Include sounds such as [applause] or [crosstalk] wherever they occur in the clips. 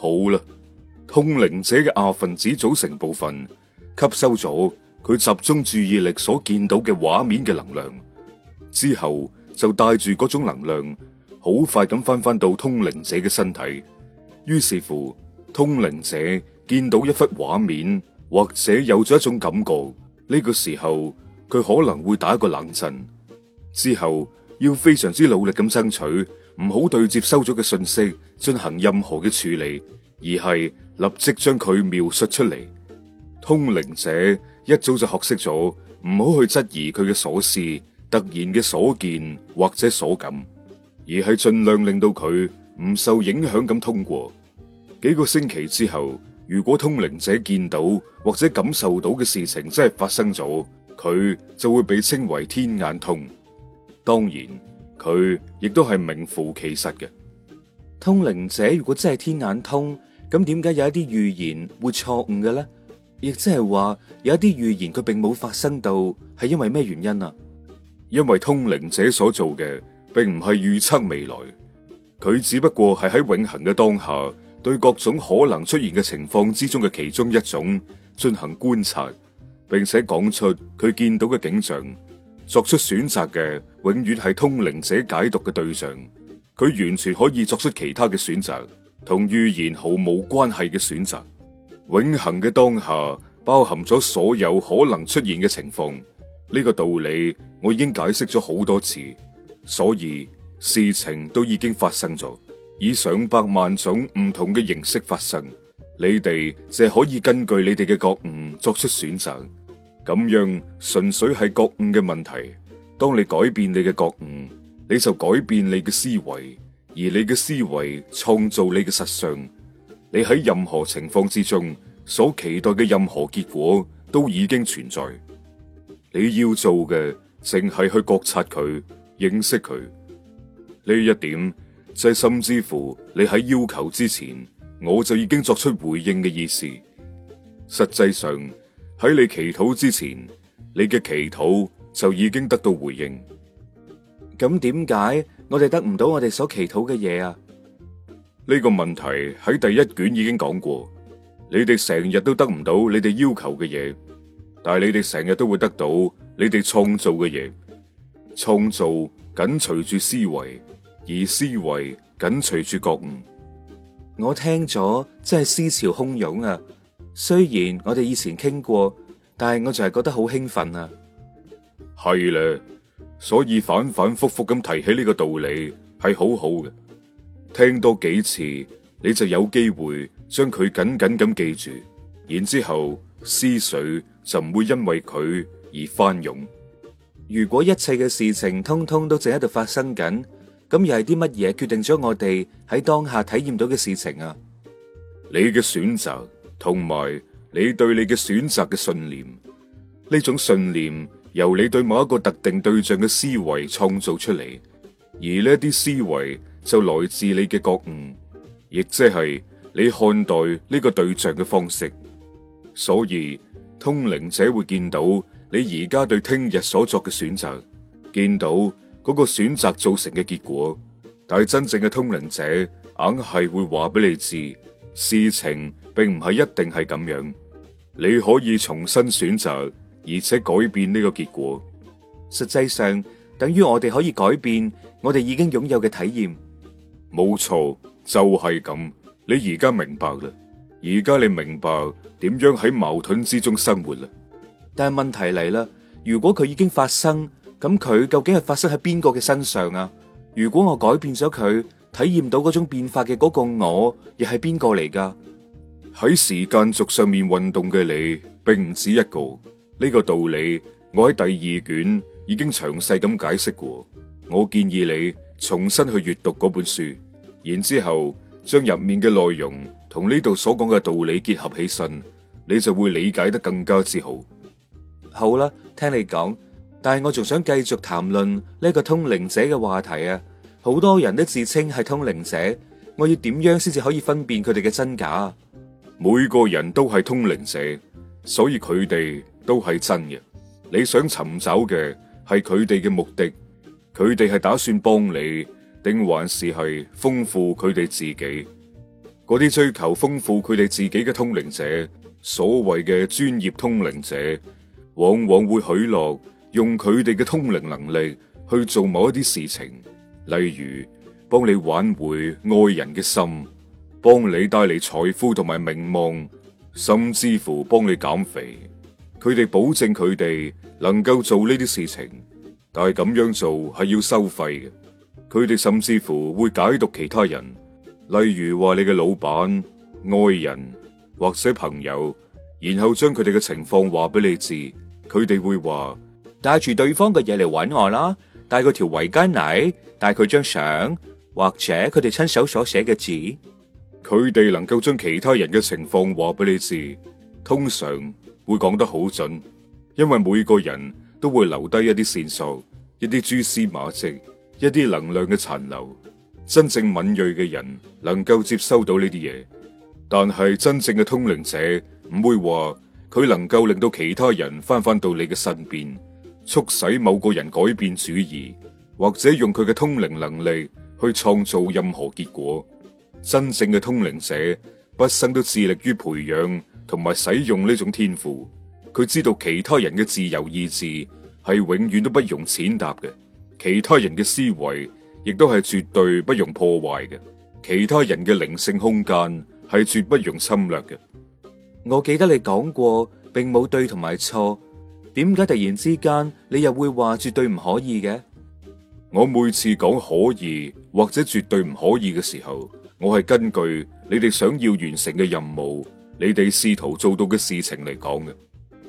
好啦，通靈者嘅亞分子組成部分吸收咗佢集中注意力所見到嘅畫面嘅能量之後，就帶住嗰種能量好快咁返返到通靈者嘅身體。於是乎，通靈者見到一幅畫面或者有咗一種感覺，呢個時候佢可能會打一個冷震，之後要非常之努力咁爭取。唔好對接收咗嘅信息進行任何嘅處理，而係立即將佢描述出嚟。通靈者一早就學識咗，唔好去質疑佢嘅所思、突然嘅所見或者所感，而係盡量令到佢唔受影響咁通過。幾個星期之後，如果通靈者見到或者感受到嘅事情真係發生咗，佢就會被稱為天眼通。當然。佢亦都係名副其實嘅通靈者。如果真係天眼通，咁點解有一啲預言會錯誤嘅咧？亦即係話有一啲預言佢並冇發生到，係因為咩原因啊？因為通靈者所做嘅並唔係預測未來，佢只不過係喺永恆嘅當下，對各種可能出現嘅情況之中嘅其中一種進行觀察，並且講出佢見到嘅景象。作出選擇嘅永遠係通靈者解讀嘅對象，佢完全可以作出其他嘅選擇，同預言毫無關係嘅選擇。永恆嘅當下包含咗所有可能出現嘅情況，呢個道理我已經解釋咗好多次，所以事情都已經發生咗，以上百萬種唔同嘅形式發生，你哋就可以根據你哋嘅覺悟作出選擇。咁樣純粹係覺悟嘅問題。當你改變你嘅覺悟，你就改變你嘅思維，而你嘅思維創造你嘅實相。你喺任何情況之中所期待嘅任何結果都已經存在。你要做嘅淨係去覺察佢，認識佢。呢一點就係，甚至乎你喺要求之前，我就已經作出回應嘅意思。實際上。喺你祈禱之前，你嘅祈禱就已經得到回應。咁點解我哋得唔到我哋所祈禱嘅嘢啊？呢個問題喺第一卷已經講過。你哋成日都得唔到你哋要求嘅嘢，但係你哋成日都會得到你哋創造嘅嘢。創造緊隨住思維，而思維緊隨住覺悟。我聽咗真係思潮洶湧啊！雖然我哋以前傾過，但係我就係覺得好興奮啊。係啦，所以反反复复咁提起呢個道理係好好嘅，聽多幾次你就有機會將佢緊緊咁記住，然之後思緒就唔會因為佢而翻湧。如果一切嘅事情通通都正喺度發生緊，咁又係啲乜嘢決定咗我哋喺當下體驗到嘅事情啊？你嘅選擇。同埋你對你嘅選擇嘅信念，呢種信念由你對某一個特定對象嘅思維創造出嚟，而呢啲思維就來自你嘅覺悟，亦即係你看待呢個對象嘅方式。所以通靈者會見到你而家對聽日所作嘅選擇，見到嗰個選擇造成嘅結果，但係真正嘅通靈者硬係會話俾你知。事情並唔係一定係咁樣，你可以重新選擇，而且改變呢個結果。實際上，等於我哋可以改變我哋已經擁有嘅體驗。冇錯，就係咁。你而家明白啦，而家你明白點樣喺矛盾之中生活啦。但係問題嚟啦，如果佢已經發生，咁佢究竟係發生喺邊個嘅身上啊？如果我改變咗佢。體驗到嗰種變化嘅嗰個我又，亦係邊個嚟㗎？喺時間軸上面運動嘅你，並唔止一個。呢、這個道理，我喺第二卷已經詳細咁解釋過。我建議你重新去閱讀嗰本書，然之後將入面嘅內容同呢度所講嘅道理結合起身，你就會理解得更加之好。好啦，聽你講，但係我仲想繼續談論呢個通靈者嘅話題啊。好多人都自稱係通靈者，我要點樣先至可以分辨佢哋嘅真假？每個人都係通靈者，所以佢哋都係真嘅。你想尋找嘅係佢哋嘅目的，佢哋係打算幫你，定還是係豐富佢哋自己？嗰啲追求豐富佢哋自己嘅通靈者，所謂嘅專業通靈者，往往會許諾用佢哋嘅通靈能力去做某一啲事情。例如，幫你挽回愛人嘅心，幫你帶嚟財富同埋名望，甚至乎幫你減肥。佢哋保證佢哋能夠做呢啲事情，但係咁樣做係要收費嘅。佢哋甚至乎會解讀其他人，例如話你嘅老闆、愛人或者朋友，然後將佢哋嘅情況話俾你知。佢哋會話帶住對方嘅嘢嚟揾我啦。帶佢條圍巾嚟，帶佢張相，或者佢哋親手所寫嘅字，佢哋能夠將其他人嘅情況話俾你知，通常會講得好準，因為每個人都會留低一啲線索、一啲蛛絲馬跡、一啲能量嘅殘留。真正敏銳嘅人能夠接收到呢啲嘢，但係真正嘅通靈者唔會話佢能夠令到其他人翻返到你嘅身邊。促使某個人改變主意，或者用佢嘅通靈能力去創造任何結果。真正嘅通靈者畢生都致力於培養同埋使用呢種天賦。佢知道其他人嘅自由意志係永遠都不容踐踏嘅，其他人嘅思維亦都係絕對不容破壞嘅，其他人嘅靈性空間係絕不容侵略嘅。我記得你講過，並冇對同埋錯。點解突然之間你又會話絕對唔可以嘅？我每次講可以或者絕對唔可以嘅時候，我係根據你哋想要完成嘅任務、你哋試圖做到嘅事情嚟講嘅。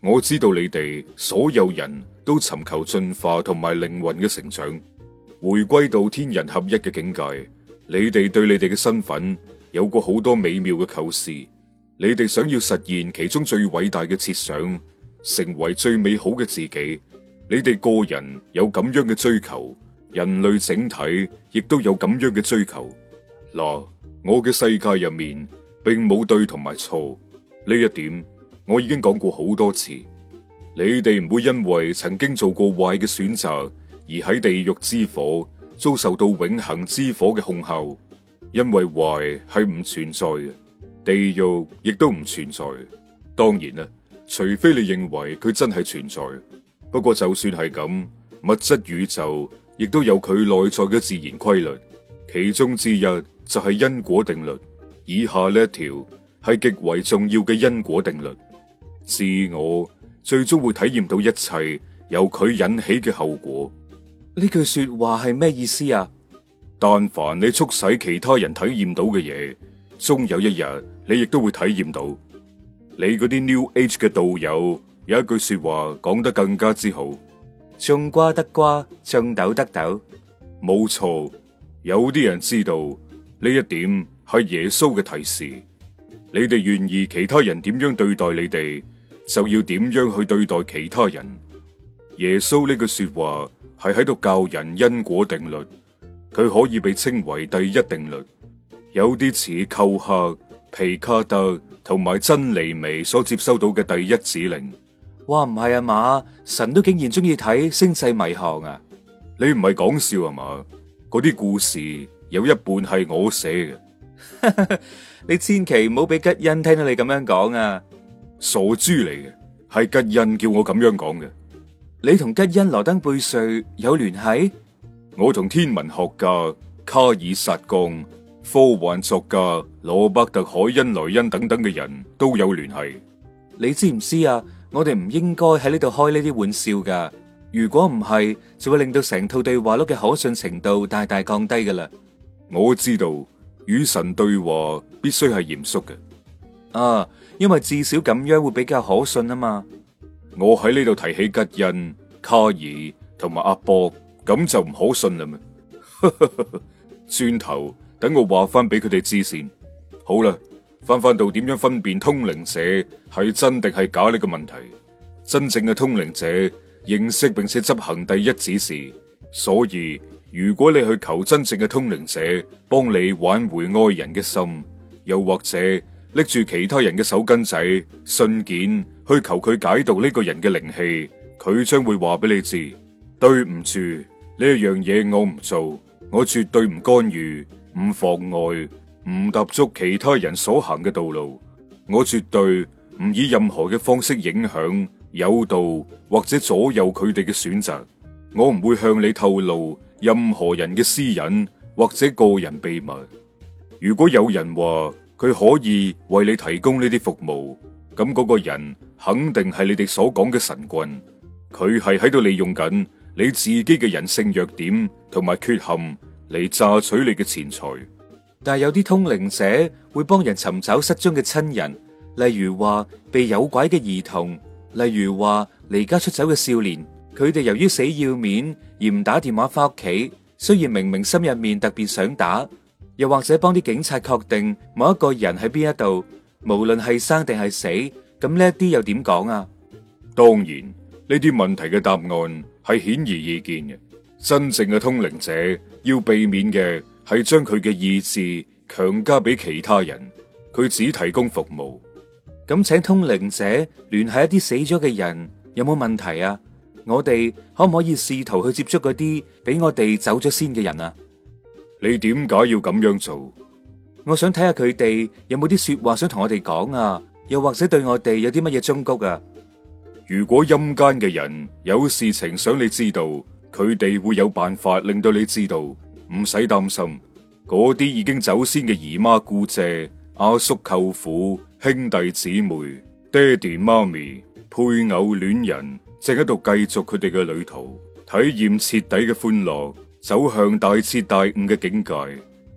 我知道你哋所有人都尋求進化同埋靈魂嘅成長，回歸到天人合一嘅境界。你哋對你哋嘅身份有過好多美妙嘅構思，你哋想要實現其中最偉大嘅設想。成為最美好嘅自己，你哋個人有咁樣嘅追求，人類整體亦都有咁樣嘅追求。嗱，我嘅世界入面並冇對同埋錯。呢一點，我已經講過好多次。你哋唔會因為曾經做過壞嘅選擇而喺地獄之火遭受到永恆之火嘅控候，因為壞係唔存在嘅，地獄亦都唔存在。當然啦。除非你認為佢真係存在，不過就算係咁，物質宇宙亦都有佢內在嘅自然規律，其中之一就係因果定律。以下呢一條係極為重要嘅因果定律，自我最終會體驗到一切由佢引起嘅後果。呢句說話係咩意思啊？但凡你促使其他人體驗到嘅嘢，終有一日你亦都會體驗到。你嗰啲 New Age 嘅道友有一句說話講得更加之好：種瓜得瓜，種豆得豆。冇錯，有啲人知道呢一點係耶穌嘅提示。你哋願意其他人點樣對待你哋，就要點樣去對待其他人。耶穌呢句說話係喺度教人因果定律，佢可以被稱為第一定律。有啲似寇克皮卡德。同埋真妮微所接收到嘅第一指令，哇唔係啊嘛，神都竟然中意睇星際迷航啊！你唔係講笑啊嘛？嗰啲故事有一半係我寫嘅， [laughs] 你千祈唔好俾吉恩聽到你咁樣講啊！傻豬嚟嘅，係吉恩叫我咁樣講嘅。你同吉恩羅登貝瑞有聯繫？我同天文學家卡爾薩貢。科幻作家羅伯特海因萊因等等嘅人都有聯繫，你知唔知啊？我哋唔應該喺呢度開呢啲玩笑噶，如果唔係，就會令到成套對話錄嘅可信程度大大降低噶啦。我知道與神對話必須係嚴肅嘅啊，因為至少咁樣會比較可信啊嘛。我喺呢度提起吉恩、卡爾同埋阿博，咁就唔可信啦嘛。 [laughs] 轉頭。等我話翻俾佢哋知先。好啦，翻翻到點樣分辨通靈者係真定係假呢個問題。真正嘅通靈者認識並且執行第一指示，所以如果你去求真正嘅通靈者幫你挽回愛人嘅心，又或者拎住其他人嘅手巾仔信件去求佢解讀呢個人嘅靈氣，佢將會話俾你知，對唔住，呢樣嘢我唔做，我絕對唔干預。唔妨礙，唔踏足其他人所行嘅道路，我絕對唔以任何嘅方式影響、誘導或者左右佢哋嘅選擇。我唔會向你透露任何人嘅私隱或者個人秘密。如果有人話佢可以為你提供呢啲服務，咁嗰個人肯定係你哋所講嘅神棍，佢係喺度利用緊你自己嘅人性弱點同埋缺陷。嚟榨取你嘅錢財，但係有啲通靈者會幫人尋找失蹤嘅親人，例如話被誘拐嘅兒童，例如話離家出走嘅少年。佢哋由於死要面而唔打電話翻屋企，雖然明明心入面特別想打，又或者幫啲警察確定某一個人喺邊一度，無論係生定係死，咁呢啲又點講啊？當然呢啲問題嘅答案係顯而易見嘅，真正嘅通靈者。要避免嘅係將佢嘅意志強加俾其他人，佢只提供服務。咁請通靈者聯繫一啲死咗嘅人，有冇問題啊？我哋可唔可以試圖去接觸嗰啲俾我哋走咗先嘅人啊？你點解要咁樣做？我想睇下佢哋有冇啲說話想同我哋講啊？又或者對我哋有啲乜嘢忠告啊？如果陰間嘅人有事情想你知道。佢哋會有辦法令到你知道，唔使擔心。嗰啲已經走先嘅姨媽姑姐、阿叔舅父、兄弟姊妹、爹哋媽咪、配偶戀人，正喺度繼續佢哋嘅旅途，體驗徹底嘅歡樂，走向大徹大悟嘅境界。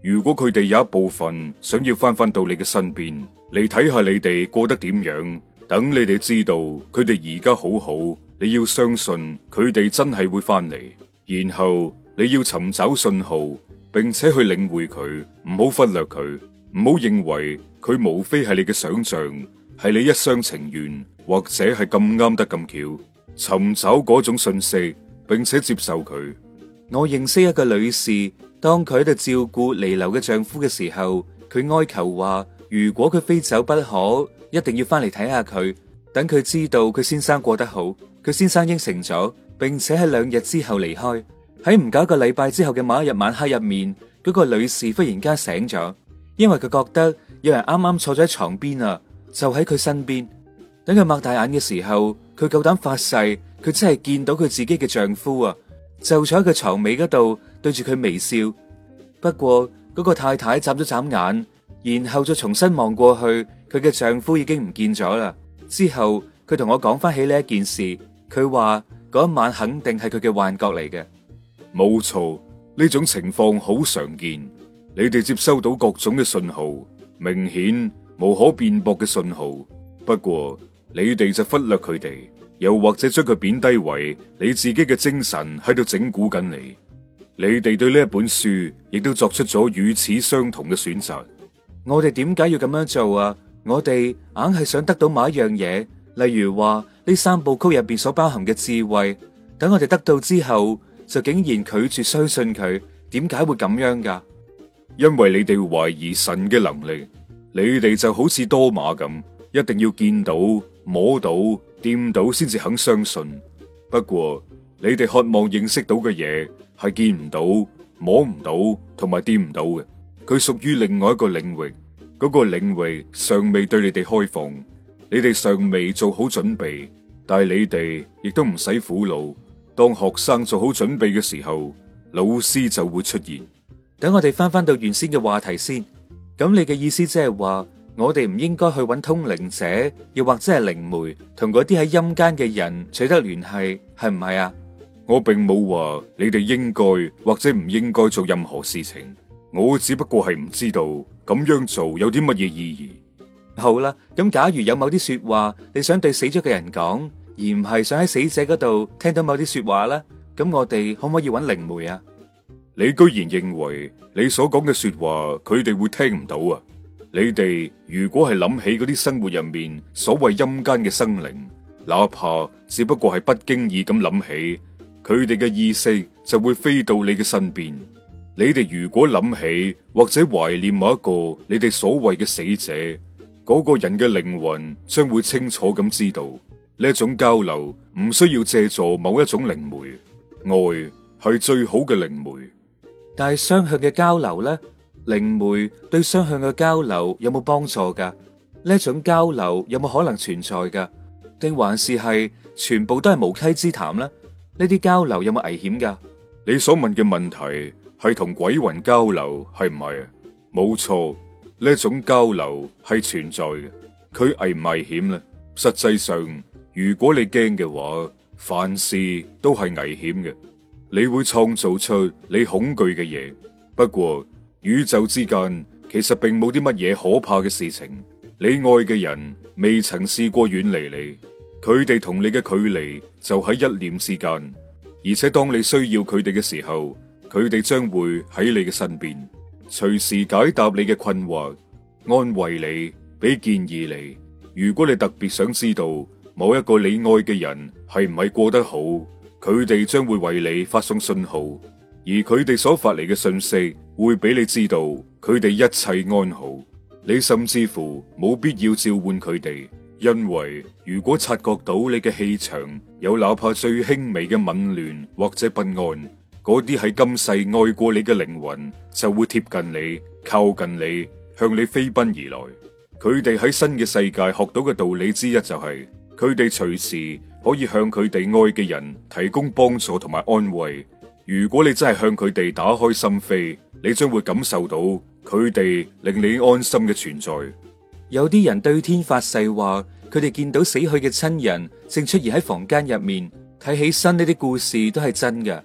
如果佢哋有一部分想要翻翻到你嘅身邊，嚟睇下你哋過得點樣，等你哋知道佢哋而家好好。你要相信佢哋真係會翻嚟，然後你要尋找信號，並且去領會佢，唔好忽略佢，唔好認為佢無非係你嘅想象，係你一廂情願，或者係咁啱得咁巧。尋找嗰種信息，並且接受佢。我認識一個女士，當佢喺度照顧彌留嘅丈夫嘅時候，佢哀求話：如果佢非走不可，一定要翻嚟睇下佢，等佢知道佢先生過得好。.佢先生應承咗，並且喺兩日之後離開。喺唔夠一個禮拜之後嘅某一日晚黑入面，嗰個女士忽然間醒咗，因為佢覺得有人啱啱坐咗喺床邊啊，就喺佢身邊。等佢擘大眼嘅時候，佢夠膽發誓，佢真係見到佢自己嘅丈夫啊，就坐喺佢床尾嗰度，對住佢微笑。不過嗰個太太眨咗眨眼，然後再重新望過去，佢嘅丈夫已經唔見咗啦。之後佢同我講翻起呢一件事。佢話嗰一晚肯定係佢嘅幻覺嚟嘅，冇錯。呢種情況好常見，你哋接收到各種嘅信號，明顯無可辯駁嘅信號。不過你哋就忽略佢哋，又或者將佢貶低為你自己嘅精神喺度整蠱緊你。你哋對呢一本書亦都作出咗與此相同嘅選擇。我哋點解要咁樣做啊？我哋硬係想得到某一樣嘢，例如話。呢三部曲入邊所包含嘅智慧，等我哋得到之後，就竟然拒絕相信佢，點解會咁樣噶？因為你哋懷疑神嘅能力，你哋就好似多馬咁，一定要見到、摸到、掂到先至肯相信。不過，你哋渴望認識到嘅嘢係見唔到、摸唔到同埋掂唔到嘅，佢屬於另外一個領域，嗰個領域尚未對你哋開放。你哋尚未做好準備，但係你哋亦都唔使苦惱。當學生做好準備嘅時候，老師就會出現。等我哋翻翻到原先嘅話題先。咁你嘅意思即係話，我哋唔應該去揾通靈者，又或者係靈媒，同嗰啲喺陰間嘅人取得聯繫，係唔係啊？我並冇話你哋應該或者唔應該做任何事情，我只不過係唔知道咁樣做有啲乜嘢意義。好啦，咁假如有某啲說話，你想對死咗嘅人講，而唔係想喺死者嗰度聽到某啲說話咧，咁我哋可唔可以揾靈媒啊？你居然認為你所講嘅說話，佢哋會聽唔到啊？你哋如果係諗起嗰啲生活入面所謂陰間嘅生靈，哪怕只不過係不經意咁諗起，佢哋嘅意識就會飛到你嘅身邊。你哋如果諗起或者懷念某一個你哋所謂嘅死者。嗰個人嘅靈魂將會清楚咁知道，呢一種交流，唔需要借助某一種靈媒，愛係最好嘅靈媒。但係雙向嘅交流呢？靈媒對雙向嘅交流有冇幫助噶？呢一種交流有冇可能存在噶？定還是係全部都係無稽之談呢？呢啲交流有冇危險噶？你所問嘅問題係同鬼魂交流係唔係？冇錯。呢一種交流係存在嘅，佢危唔危險呢？實際上，如果你驚嘅話，凡事都係危險嘅，你會創造出你恐懼嘅嘢。不過，宇宙之間其實並冇啲乜嘢可怕嘅事情。你愛嘅人未曾試過遠離你，佢哋同你嘅距離就喺一念之間。而且當你需要佢哋嘅時候，佢哋將會喺你嘅身邊。隨時解答你嘅困惑，安慰你，俾建議你。如果你特別想知道某一個你愛嘅人係唔係過得好，佢哋將會為你發送信號，而佢哋所發嚟嘅訊息會俾你知道佢哋一切安好。你甚至乎冇必要召喚佢哋，因為如果察覺到你嘅氣場有哪怕最輕微嘅紊亂或者不安，嗰啲喺今世愛過你嘅靈魂，就會貼近你，靠近你，向你飛奔而來。佢哋喺新嘅世界學到嘅道理之一就係佢哋隨時可以向佢哋愛嘅人提供幫助同埋安慰。如果你真係向佢哋打開心扉，你將會感受到佢哋令你安心嘅存在。有啲人對天發誓話，佢哋見到死去嘅親人正出現喺房間入面，睇起身呢啲故事都係真嘅。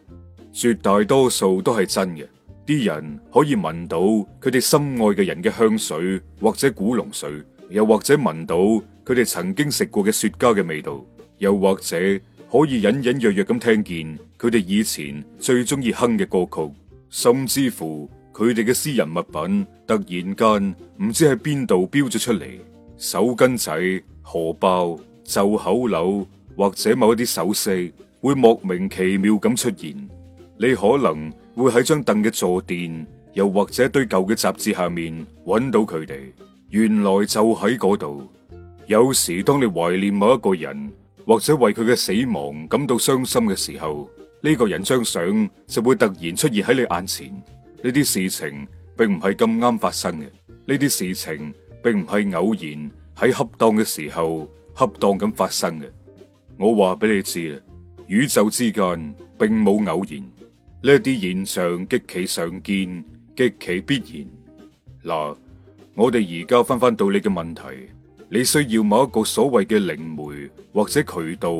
絕大多數都係真嘅。啲人可以聞到佢哋心愛嘅人嘅香水，或者古龍水，又或者聞到佢哋曾經食過嘅雪茄嘅味道，又或者可以隱隱約約咁聽見佢哋以前最中意哼嘅歌曲，甚至乎佢哋嘅私人物品突然間唔知喺邊度標咗出嚟，手巾仔、荷包、袖口紐或者某一啲首飾會莫名其妙咁出現。你可能會喺張凳嘅坐墊，又或者一堆舊嘅雜誌下面揾到佢哋。原來就喺嗰度。有時當你懷念某一個人，或者為佢嘅死亡感到傷心嘅時候，呢個人張相就會突然出現喺你眼前。呢啲事情並唔係咁啱發生嘅，呢啲事情並唔係偶然喺恰當嘅時候恰當咁發生嘅。我話俾你知啦，宇宙之間並冇偶然。呢啲現象極其常見，極其必然。嗱，我哋而家翻翻到你嘅問題，你需要某一個所謂嘅靈媒或者渠道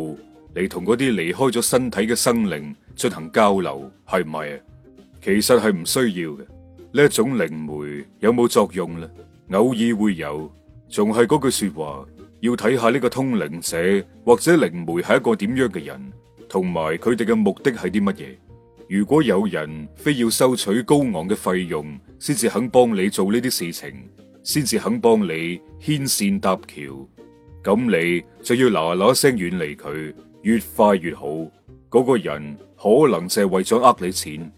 嚟同嗰啲離開咗身體嘅生靈進行交流，係咪？其實係唔需要嘅。呢一種靈媒有冇作用咧？偶爾會有，仲係嗰句說話，要睇下呢個通靈者或者靈媒係一個點樣嘅人，同埋佢哋嘅目的係啲乜嘢。如果有人非要收取高昂嘅費用，先至肯幫你做呢啲事情，先至肯幫你牽線搭橋，咁你就要嗱嗱聲遠離佢，越快越好。嗰個人可能就係為咗呃你錢。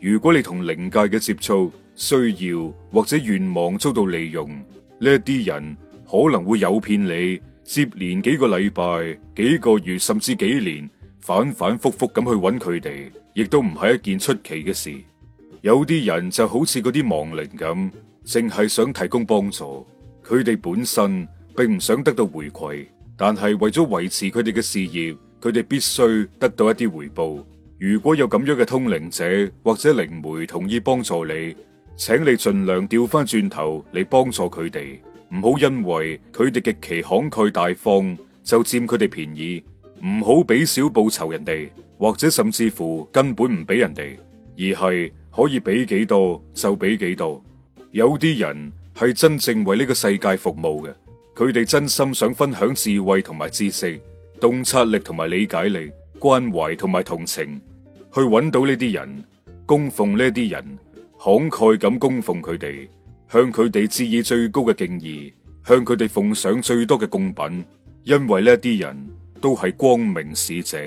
如果你同靈界嘅接觸需要或者願望遭到利用，呢一啲人可能會誘騙你，接連幾個禮拜、幾個月甚至幾年。反反覆覆咁去揾佢哋，亦都唔係一件出奇嘅事。有啲人就好似嗰啲亡靈咁，淨係想提供幫助，佢哋本身並唔想得到回饋，但係為咗維持佢哋嘅事業，佢哋必須得到一啲回報。如果有咁樣嘅通靈者或者靈媒同意幫助你，請你盡量調翻轉頭嚟幫助佢哋，唔好因為佢哋極其慷慨大方就佔佢哋便宜。唔好俾少報酬人哋，或者甚至乎根本唔俾人哋，而係可以俾幾多就俾幾多。有啲人係真正為呢個世界服務嘅，佢哋真心想分享智慧同埋知識、洞察力同埋理解力、關懷同埋同情，去揾到呢啲人，供奉呢啲人，慷慨咁供奉佢哋，向佢哋致以最高嘅敬意，向佢哋奉上最多嘅貢品，因為呢啲人，都係光明使者。